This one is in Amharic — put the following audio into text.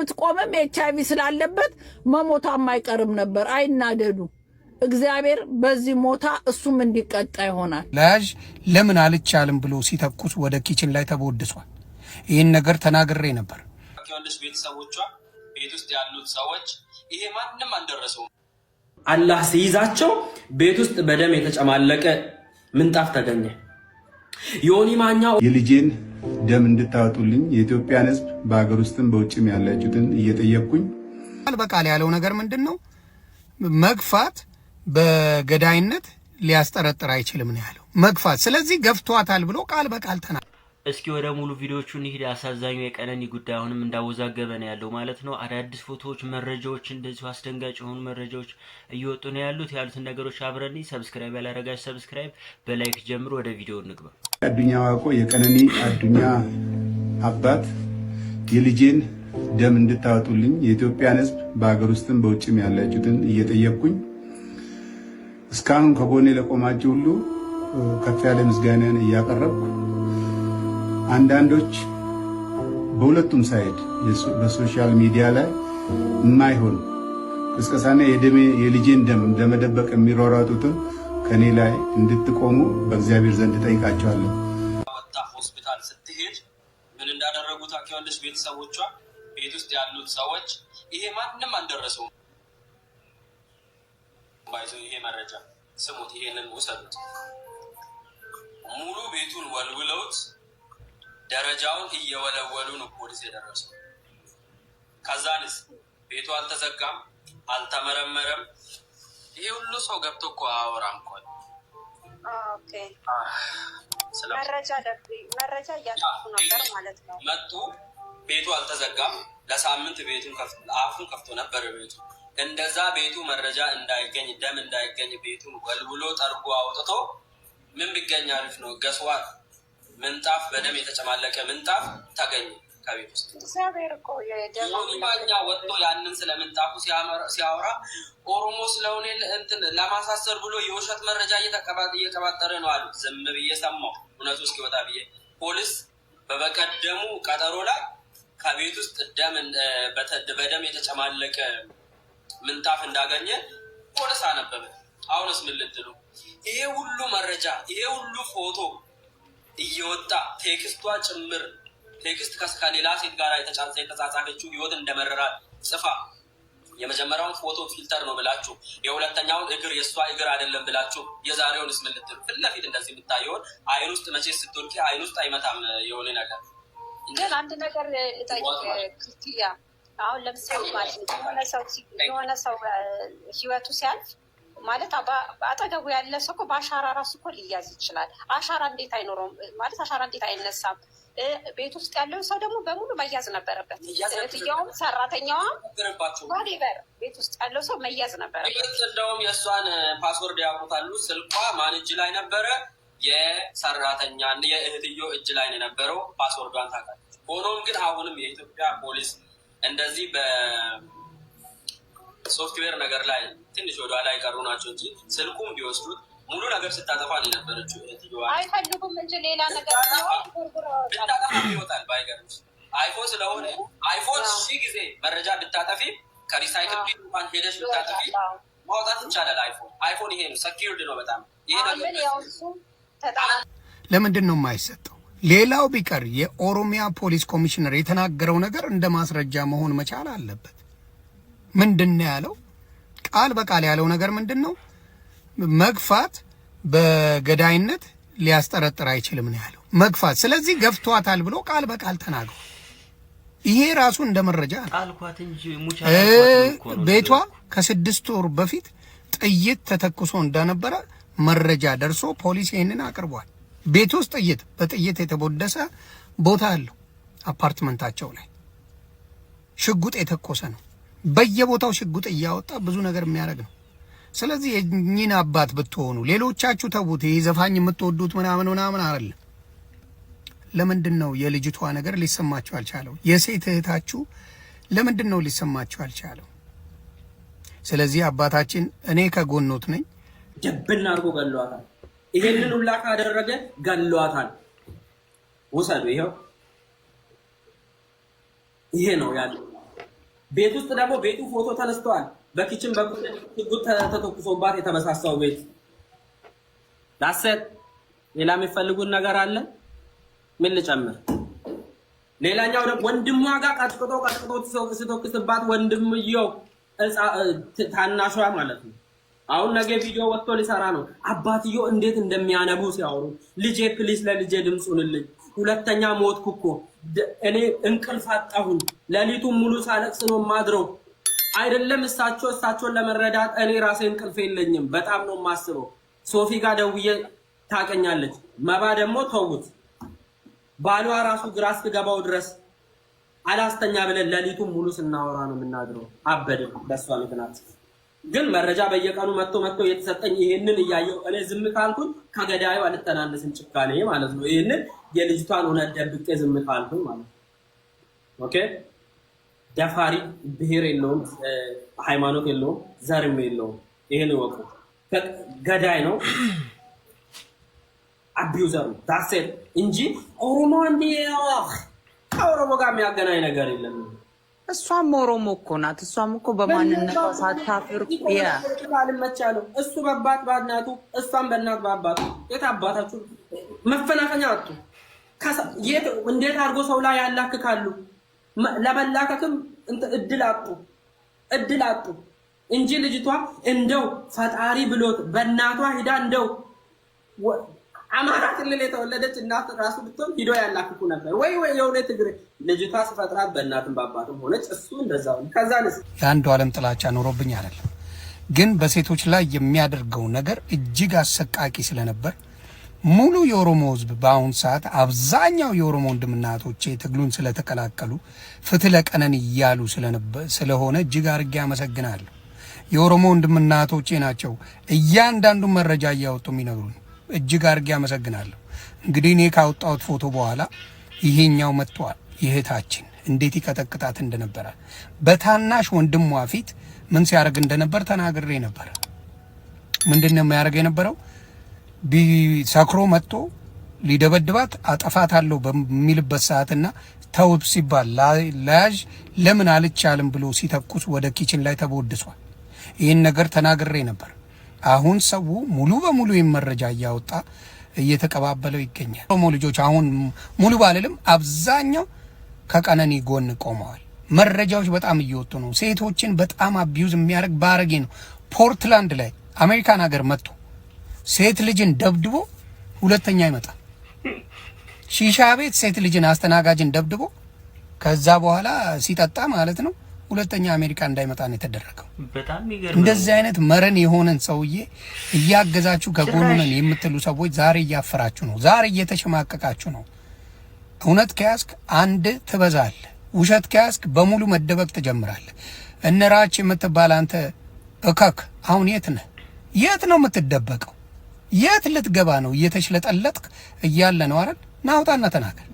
ብትቆምም ኤች አይቪ ስላለበት መሞቷም አይቀርም ነበር። አይናደዱ። እግዚአብሔር በዚህ ሞታ እሱም እንዲቀጣ ይሆናል። ለያዥ ለምን አልቻልም ብሎ ሲተኩስ ወደ ኪችን ላይ ተቦድሷል። ይህን ነገር ተናግሬ ነበር። ኪዮንስ ቤተሰቦቿ ቤት ውስጥ ያሉት ሰዎች ይሄ ማንም አልደረሰው። አላህ ሲይዛቸው ቤት ውስጥ በደም የተጨማለቀ ምንጣፍ ተገኘ። ዮኒ የልጄን ደም እንድታወጡልኝ የኢትዮጵያን ሕዝብ በሀገር ውስጥም በውጭም ያላችሁትን እየጠየቅኩኝ በቃል ያለው ነገር ምንድን ነው? መግፋት በገዳይነት ሊያስጠረጥር አይችልም ነው ያለው። መግፋት ስለዚህ ገፍቷታል ብሎ ቃል በቃል ተና እስኪ ወደ ሙሉ ቪዲዮቹ እንሂድ። አሳዛኙ የቀነኒ ጉዳይ አሁንም እንዳወዛገበ ነው ያለው ማለት ነው። አዳዲስ ፎቶዎች፣ መረጃዎች፣ እንደዚሁ አስደንጋጭ የሆኑ መረጃዎች እየወጡ ነው ያሉት። ያሉትን ነገሮች አብረን ሰብስክራይብ ያላረጋች ሰብስክራይብ በላይክ ጀምሮ ወደ ቪዲዮ እንግባ። አዱኛ ዋቆ የቀነኒ አዱኛ አባት የልጄን ደም እንድታወጡልኝ የኢትዮጵያን ሕዝብ በሀገር ውስጥም በውጭም ያላችሁትን እየጠየቅኩኝ እስካሁን ከጎኔ ለቆማችሁ ሁሉ ከፍ ያለ ምስጋናን እያቀረብኩ አንዳንዶች በሁለቱም ሳይድ በሶሻል ሚዲያ ላይ የማይሆን ቅስቀሳና የደሜ የልጄን ደም ለመደበቅ የሚሯሯጡትን ከእኔ ላይ እንድትቆሙ በእግዚአብሔር ዘንድ ጠይቃቸዋለሁ። ወጣ ሆስፒታል ስትሄድ ምን እንዳደረጉ ታውቂዋለሽ? ቤተሰቦቿ፣ ቤት ውስጥ ያሉት ሰዎች ይሄ ማንም አልደረሰው ባይዞ ይሄ መረጃ ስሙት፣ ይሄንን ውሰዱት። ሙሉ ቤቱን ወልውለውት ደረጃውን እየወለወሉ ነው ፖሊስ የደረሰው። ከዛንስ ቤቱ አልተዘጋም፣ አልተመረመረም። ይሄ ሁሉ ሰው ገብቶ እኮ አወራ እንኳ መጡ ቤቱ አልተዘጋም። ለሳምንት ቤቱን አፉን ከፍቶ ነበር ቤቱ እንደዛ ቤቱ መረጃ እንዳይገኝ ደም እንዳይገኝ ቤቱን ወልውሎ ጠርጎ አውጥቶ ምን ቢገኝ አሪፍ ነው? ገስዋል ምንጣፍ በደም የተጨማለቀ ምንጣፍ ተገኘ። ከቤት ውስጥ እግዚአብሔር እኮ ወጥቶ ያንን ስለምንጣፉ ሲያወራ ኦሮሞ ስለሆነ እንትን ለማሳሰር ብሎ የውሸት መረጃ እየቀባጠረ ነው አሉት። ዝም ብዬ ሰማው እውነቱ እስኪወጣ ብዬ። ፖሊስ በበቀደሙ ቀጠሮ ላይ ከቤት ውስጥ ደም በደም የተጨማለቀ ምንጣፍ እንዳገኘ ፖሊስ አነበበ። አሁንስ ምን ልትሉ? ይሄ ሁሉ መረጃ ይሄ ሁሉ ፎቶ እየወጣ ቴክስቷ ጭምር ቴክስት ከሌላ ሴት ጋር የተጻጻፈችው ህይወት እንደመረራት ጽፋ የመጀመሪያውን ፎቶ ፊልተር ነው ብላችሁ የሁለተኛውን እግር የእሷ እግር አይደለም ብላችሁ የዛሬውን ስም ልትሉ ፊት ለፊት እንደዚህ የምታየውን አይን ውስጥ መቼ ስትወድቂ አይን ውስጥ አይመታም። የሆነ ነገር ግን አንድ ነገር ልጠይቅ። አሁን ለምሳሌ ማለት ነው የሆነ ሰው ህይወቱ ሲያልፍ ማለት አጠገቡ ያለ ሰው እኮ በአሻራ ራሱ እኮ ሊያዝ ይችላል። አሻራ እንዴት አይኖረውም? ማለት አሻራ እንዴት አይነሳም? ቤት ውስጥ ያለው ሰው ደግሞ በሙሉ መያዝ ነበረበት። እህትየውም ሰራተኛዋም በር ቤት ውስጥ ያለው ሰው መያዝ ነበረበት። እንደውም የእሷን ፓስወርድ ያውቁታሉ። ስልኳ ማን እጅ ላይ ነበረ? የሰራተኛ የእህትዮ እጅ ላይ የነበረው ፓስወርዷን ታውቃለች። ሆኖም ግን አሁንም የኢትዮጵያ ፖሊስ እንደዚህ በ ሶፍትዌር ነገር ላይ ትንሽ ወደ ኋላ የቀሩ ናቸው እንጂ ስልኩም ቢወስዱት ሙሉ ነገር ስታጠፋ ነው የነበረችው። አይፈልጉም እንጂ ሌላ ነገር ብታጠፋ ይወጣል። ባይገርምሽ አይፎን ስለሆነ አይፎን ሺ ጊዜ መረጃ ብታጠፊ ከሪሳይክል እንኳን ሄደሽ ብታጠፊ ማውጣት እንቻላል። አይፎን አይፎን ይሄ ነው፣ ሰኪርድ ነው በጣም ይሄ ነገር ለምንድን ነው የማይሰጠው? ሌላው ቢቀር የኦሮሚያ ፖሊስ ኮሚሽነር የተናገረው ነገር እንደ ማስረጃ መሆን መቻል አለበት። ምንድን ነው ያለው? ቃል በቃል ያለው ነገር ምንድን ነው? መግፋት በገዳይነት ሊያስጠረጥር አይችልም ነው ያለው። መግፋት ስለዚህ ገፍቷታል ብሎ ቃል በቃል ተናግሯል። ይሄ ራሱ እንደ መረጃ ቤቷ ከስድስት ወር በፊት ጥይት ተተኩሶ እንደነበረ መረጃ ደርሶ ፖሊስ ይህንን አቅርቧል። ቤት ውስጥ ጥይት በጥይት የተቦደሰ ቦታ አለው። አፓርትመንታቸው ላይ ሽጉጥ የተኮሰ ነው። በየቦታው ሽጉጥ እያወጣ ብዙ ነገር የሚያደርግ ነው። ስለዚህ የእኚህን አባት ብትሆኑ ሌሎቻችሁ ተዉት። ይህ ዘፋኝ የምትወዱት ምናምን ምናምን አይደለም። ለምንድን ነው የልጅቷ ነገር ሊሰማችሁ አልቻለው? የሴት እህታችሁ ለምንድን ነው ሊሰማችሁ አልቻለው? ስለዚህ አባታችን እኔ ከጎኖት ነኝ። ጀብና አድርጎ ገለዋታል። ይሄንን ሁላ ካደረገ ገለዋታል። ውሰዱ። ይኸው ይሄ ነው ያለው ቤት ውስጥ ደግሞ ቤቱ ፎቶ ተነስተዋል። በኪችን በኩል ተተኩሶባት የተመሳሳው ቤት ዳሰት። ሌላ የሚፈልጉን ነገር አለ? ምን ልጨምር? ሌላኛው ደግሞ ወንድሟ ጋር ቀጥቅጦ ቀጥቅጦ ሲተኩስባት ወንድምየው ታናሿ ማለት ነው። አሁን ነገ ቪዲዮ ወጥቶ ሊሰራ ነው። አባትየው እንዴት እንደሚያነቡ ሲያወሩ ልጄ ፕሊስ ለልጄ ድምፁንልኝ ሁለተኛ ሞትኩ እኮ እኔ እንቅልፍ አጣሁን። ሌሊቱን ሙሉ ሳለቅስ ነው ማድረው። አይደለም እሳቸው እሳቸውን ለመረዳት እኔ ራሴ እንቅልፍ የለኝም። በጣም ነው የማስበው። ሶፊ ጋር ደውዬ ታቀኛለች። መባ ደግሞ ተውት፣ ባሏ ራሱ ግራ እስክገባው ድረስ አላስተኛ ብለን ሌሊቱን ሙሉ ስናወራ ነው የምናድረው። አበድን በእሷ ምክንያት ግን መረጃ በየቀኑ መጥቶ መጥቶ እየተሰጠኝ ይሄንን እያየው እኔ ዝም ካልኩኝ ከገዳዩ አልተናነስም ጭካኔ ማለት ነው። ይሄንን የልጅቷን እውነት ደብቄ ዝም ካልኩኝ ማለት ነው። ኦኬ ደፋሪ ብሔር የለውም፣ ሃይማኖት የለውም፣ ዘርም የለውም። ይሄን ይወቁ። ገዳይ ነው አቢዩዘሩ ዳሴት እንጂ ኦሮሞ እንዲ ከኦሮሞ ጋር የሚያገናኝ ነገር የለም። እሷም ኦሮሞ እኮ ናት። እሷም እኮ በማንነቷ ሳታፍር አልመቻለው። እሱ በአባት በእናቱ እሷም በእናት በአባቱ የት አባታችሁ መፈናፈኛ አጡ። እንዴት አድርጎ ሰው ላይ ያላክካሉ? ለመላከክም እድል አጡ፣ እድል አጡ እንጂ ልጅቷ እንደው ፈጣሪ ብሎት በእናቷ ሂዳ እንደው አማራ ክልል የተወለደች እናት ራሱ ብትሆን ሂዶ ያላክኩ ነበር ወይ ወይ የሆነ ትግር ልጅቷ ስፈጥራት በእናትም በአባትም ሆነች። እሱ እንደዛ ከዛ ንስ የአንዱ አለም ጥላቻ ኖሮብኝ አይደለም፣ ግን በሴቶች ላይ የሚያደርገው ነገር እጅግ አሰቃቂ ስለነበር ሙሉ የኦሮሞ ሕዝብ በአሁን ሰዓት አብዛኛው የኦሮሞ ወንድምና እህቶቼ ትግሉን ስለተቀላቀሉ ፍትህ ለቀነን እያሉ ስለሆነ እጅግ አድርጌ አመሰግናለሁ። የኦሮሞ ወንድምና እህቶቼ ናቸው እያንዳንዱ መረጃ እያወጡ የሚነግሩን። እጅግ አድርጌ አመሰግናለሁ። እንግዲህ እኔ ካወጣሁት ፎቶ በኋላ ይሄኛው መጥቷል። ይህታችን እንዴት ይቀጠቅጣት እንደነበረ በታናሽ ወንድሟ ፊት ምን ሲያደርግ እንደነበር ተናግሬ ነበረ። ምንድን ነው የሚያደርግ የነበረው? ሰክሮ መጥቶ ሊደበድባት አጠፋታለሁ በሚልበት ሰዓትና ተውብ ሲባል ለያዥ ለምን አልቻልም ብሎ ሲተኩስ ወደ ኪችን ላይ ተቦድሷል። ይህን ነገር ተናግሬ ነበር። አሁን ሰው ሙሉ በሙሉ መረጃ እያወጣ እየተቀባበለው ይገኛል። ሞ ልጆች አሁን ሙሉ ባልልም አብዛኛው ከቀነኒ ጎን ቆመዋል። መረጃዎች በጣም እየወጡ ነው። ሴቶችን በጣም አቢዩዝ የሚያደርግ ባረጌ ነው። ፖርትላንድ ላይ አሜሪካን ሀገር መጥቶ ሴት ልጅን ደብድቦ ሁለተኛ ይመጣል። ሺሻ ቤት ሴት ልጅን አስተናጋጅን ደብድቦ ከዛ በኋላ ሲጠጣ ማለት ነው ሁለተኛ አሜሪካ እንዳይመጣ ነው የተደረገው። እንደዚህ አይነት መረን የሆነን ሰውዬ እያገዛችሁ ከጎኑ ነን የምትሉ ሰዎች ዛሬ እያፈራችሁ ነው። ዛሬ እየተሸማቀቃችሁ ነው። እውነት ከያዝክ አንድ ትበዛለህ፣ ውሸት ከያዝክ በሙሉ መደበቅ ትጀምራለህ። እነራች የምትባል አንተ እከክ አሁን የት ነህ? የት ነው የምትደበቀው? የት ልትገባ ነው? እየተሽለጠለጥክ እያለ ነው አይደል? ናውጣና ተናገር።